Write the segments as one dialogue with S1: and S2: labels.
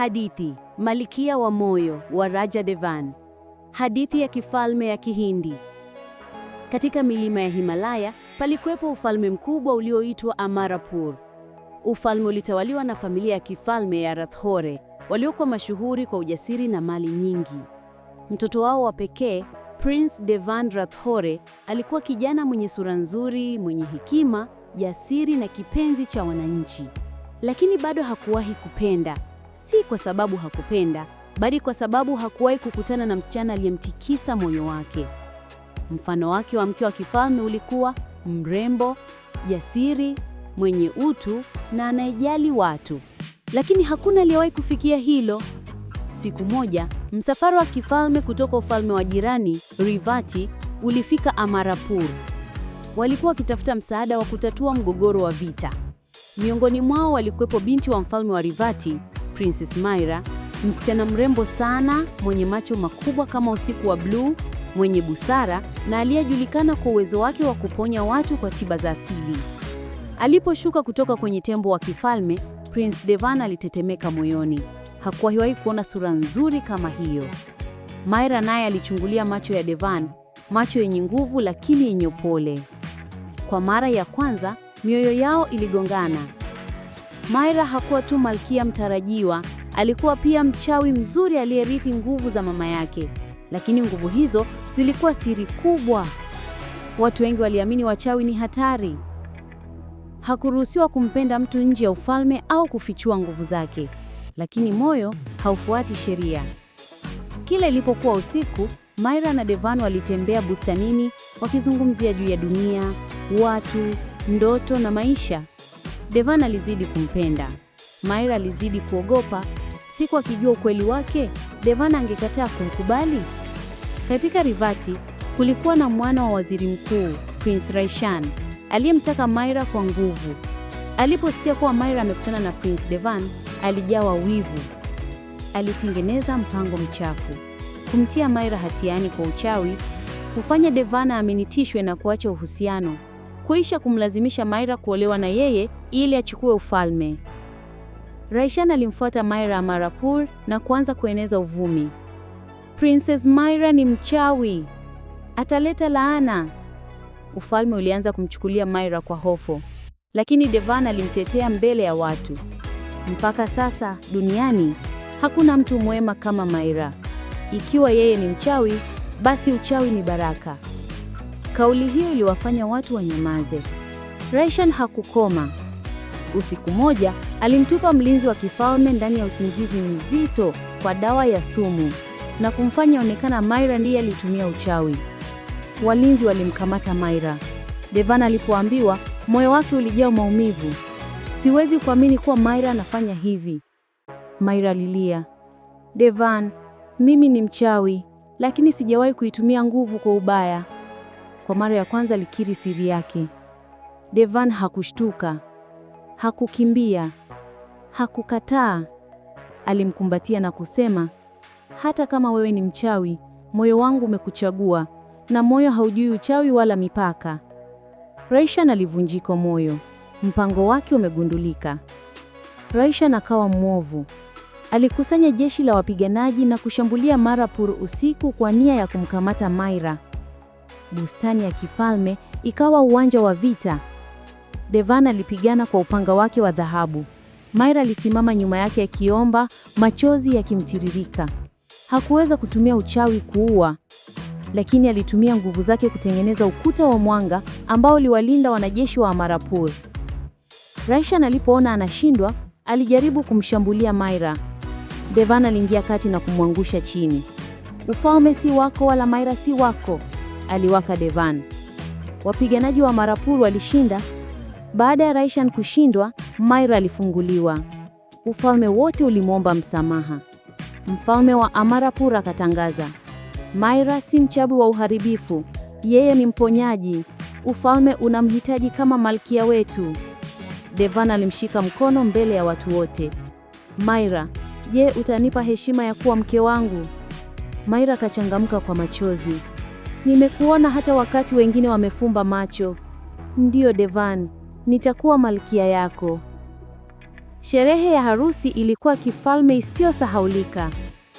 S1: Hadithi: malikia wa Moyo wa Raja Devan. Hadithi ya kifalme ya Kihindi. Katika milima ya Himalaya palikuwepo ufalme mkubwa ulioitwa Amarapur. Ufalme ulitawaliwa na familia ya kifalme ya Rathore waliokuwa mashuhuri kwa ujasiri na mali nyingi. Mtoto wao wa pekee Prince Devan Rathore alikuwa kijana mwenye sura nzuri, mwenye hekima, jasiri na kipenzi cha wananchi, lakini bado hakuwahi kupenda si kwa sababu hakupenda, bali kwa sababu hakuwahi kukutana na msichana aliyemtikisa moyo wake. Mfano wake wa mke wa kifalme ulikuwa mrembo, jasiri, mwenye utu na anayejali watu, lakini hakuna aliyewahi kufikia hilo. Siku moja, msafara wa kifalme kutoka ufalme wa jirani Rivati ulifika Amarapur. Walikuwa wakitafuta msaada wa kutatua mgogoro wa vita. Miongoni mwao walikuwepo binti wa mfalme wa Rivati Princess Maira, msichana mrembo sana mwenye macho makubwa kama usiku wa bluu, mwenye busara na aliyejulikana kwa uwezo wake wa kuponya watu kwa tiba za asili. Aliposhuka kutoka kwenye tembo wa kifalme, Prince Devan alitetemeka moyoni. hakuwahiwahi kuona sura nzuri kama hiyo. Myra naye alichungulia macho ya Devan, macho yenye nguvu lakini yenye upole. Kwa mara ya kwanza, mioyo yao iligongana. Maira hakuwa tu malkia mtarajiwa, alikuwa pia mchawi mzuri aliyerithi nguvu za mama yake, lakini nguvu hizo zilikuwa siri kubwa. Watu wengi waliamini wachawi ni hatari. Hakuruhusiwa kumpenda mtu nje ya ufalme au kufichua nguvu zake, lakini moyo haufuati sheria. Kila ilipokuwa usiku, Maira na Devan walitembea bustanini wakizungumzia juu ya dunia, watu, ndoto na maisha. Devan alizidi kumpenda. Maira alizidi kuogopa. Siku akijua ukweli wake, devana angekataa kumkubali. Katika Rivati kulikuwa na mwana wa waziri mkuu Prince Raishan aliyemtaka Maira kwa nguvu. Aliposikia kuwa Maira amekutana na Prince Devan, alijawa wivu. Alitengeneza mpango mchafu: kumtia Maira hatiani kwa uchawi, kufanya devana aminitishwe na kuacha uhusiano, kuisha kumlazimisha Maira kuolewa na yeye ili achukue ufalme. Raishan alimfuata Myra Amarapur na kuanza kueneza uvumi. Princess Myra ni mchawi, ataleta laana. Ufalme ulianza kumchukulia Myra kwa hofu, lakini Devan alimtetea mbele ya watu. Mpaka sasa duniani hakuna mtu mwema kama Myra. Ikiwa yeye ni mchawi, basi uchawi ni baraka. Kauli hiyo iliwafanya watu wanyamaze. Raishan hakukoma. Usiku moja alimtupa mlinzi wa kifalme ndani ya usingizi mzito kwa dawa ya sumu na kumfanya onekana Maira ndiye alitumia uchawi. Walinzi walimkamata Maira. Devan alipoambiwa, moyo wake ulijaa maumivu. Siwezi kuamini kuwa Maira anafanya hivi. Maira lilia, Devan, mimi ni mchawi, lakini sijawahi kuitumia nguvu kwa ubaya. Kwa mara ya kwanza alikiri siri yake. Devan hakushtuka. Hakukimbia, hakukataa. Alimkumbatia na kusema, hata kama wewe ni mchawi, moyo wangu umekuchagua, na moyo haujui uchawi wala mipaka. Raishan alivunjika moyo, mpango wake umegundulika. Raishan akawa mwovu. Alikusanya jeshi la wapiganaji na kushambulia Marapur usiku kwa nia ya kumkamata Maira. Bustani ya kifalme ikawa uwanja wa vita. Devan alipigana kwa upanga wake wa dhahabu. Myra alisimama nyuma yake akiomba, machozi yakimtiririka. Hakuweza kutumia uchawi kuua, lakini alitumia nguvu zake kutengeneza ukuta wa mwanga ambao uliwalinda wanajeshi wa Amarapur. Raishan alipoona anashindwa, alijaribu kumshambulia Maira. Devan aliingia kati na kumwangusha chini. Ufalme si wako wala Maira si wako, aliwaka Devan. Wapiganaji wa Amarapur walishinda baada ya Raishan kushindwa, Myra alifunguliwa. Ufalme wote ulimwomba msamaha. Mfalme wa Amarapura akatangaza, Myra si mchabu wa uharibifu, yeye ni mponyaji. Ufalme unamhitaji kama malkia wetu. Devan alimshika mkono mbele ya watu wote. Myra, je, utanipa heshima ya kuwa mke wangu? Maira akachangamka kwa machozi. Nimekuona hata wakati wengine wamefumba macho. Ndiyo Devan, nitakuwa malkia yako. Sherehe ya harusi ilikuwa kifalme isiyosahaulika.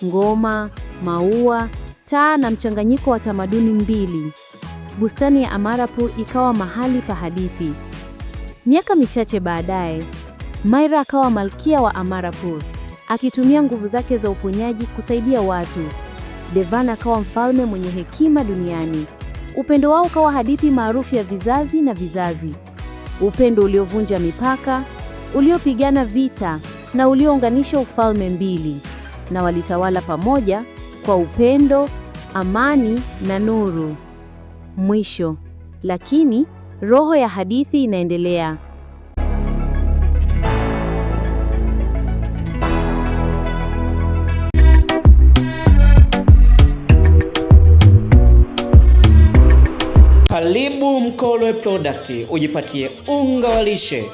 S1: Ngoma, maua, taa na mchanganyiko wa tamaduni mbili. Bustani ya Amarapur ikawa mahali pa hadithi. Miaka michache baadaye, Maira akawa malkia wa Amarapur, akitumia nguvu zake za uponyaji kusaidia watu. Devan akawa mfalme mwenye hekima duniani. Upendo wao ukawa hadithi maarufu ya vizazi na vizazi upendo uliovunja mipaka, uliopigana vita na uliounganisha ufalme mbili, na walitawala pamoja kwa upendo, amani na nuru. Mwisho. Lakini roho ya hadithi inaendelea. Karibu Mkolwe Product ujipatie unga wa lishe,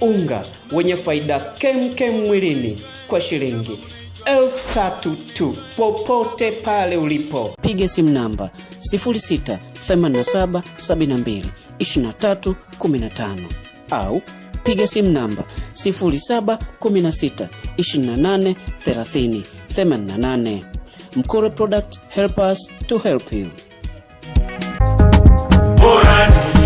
S1: unga wenye faida kemkem mwilini kwa shilingi elfu tatu tu, popote pale ulipo. Piga simu namba 0687722315 au piga simu namba 0716283088. Mkolwe Product, help us to help you. Lord.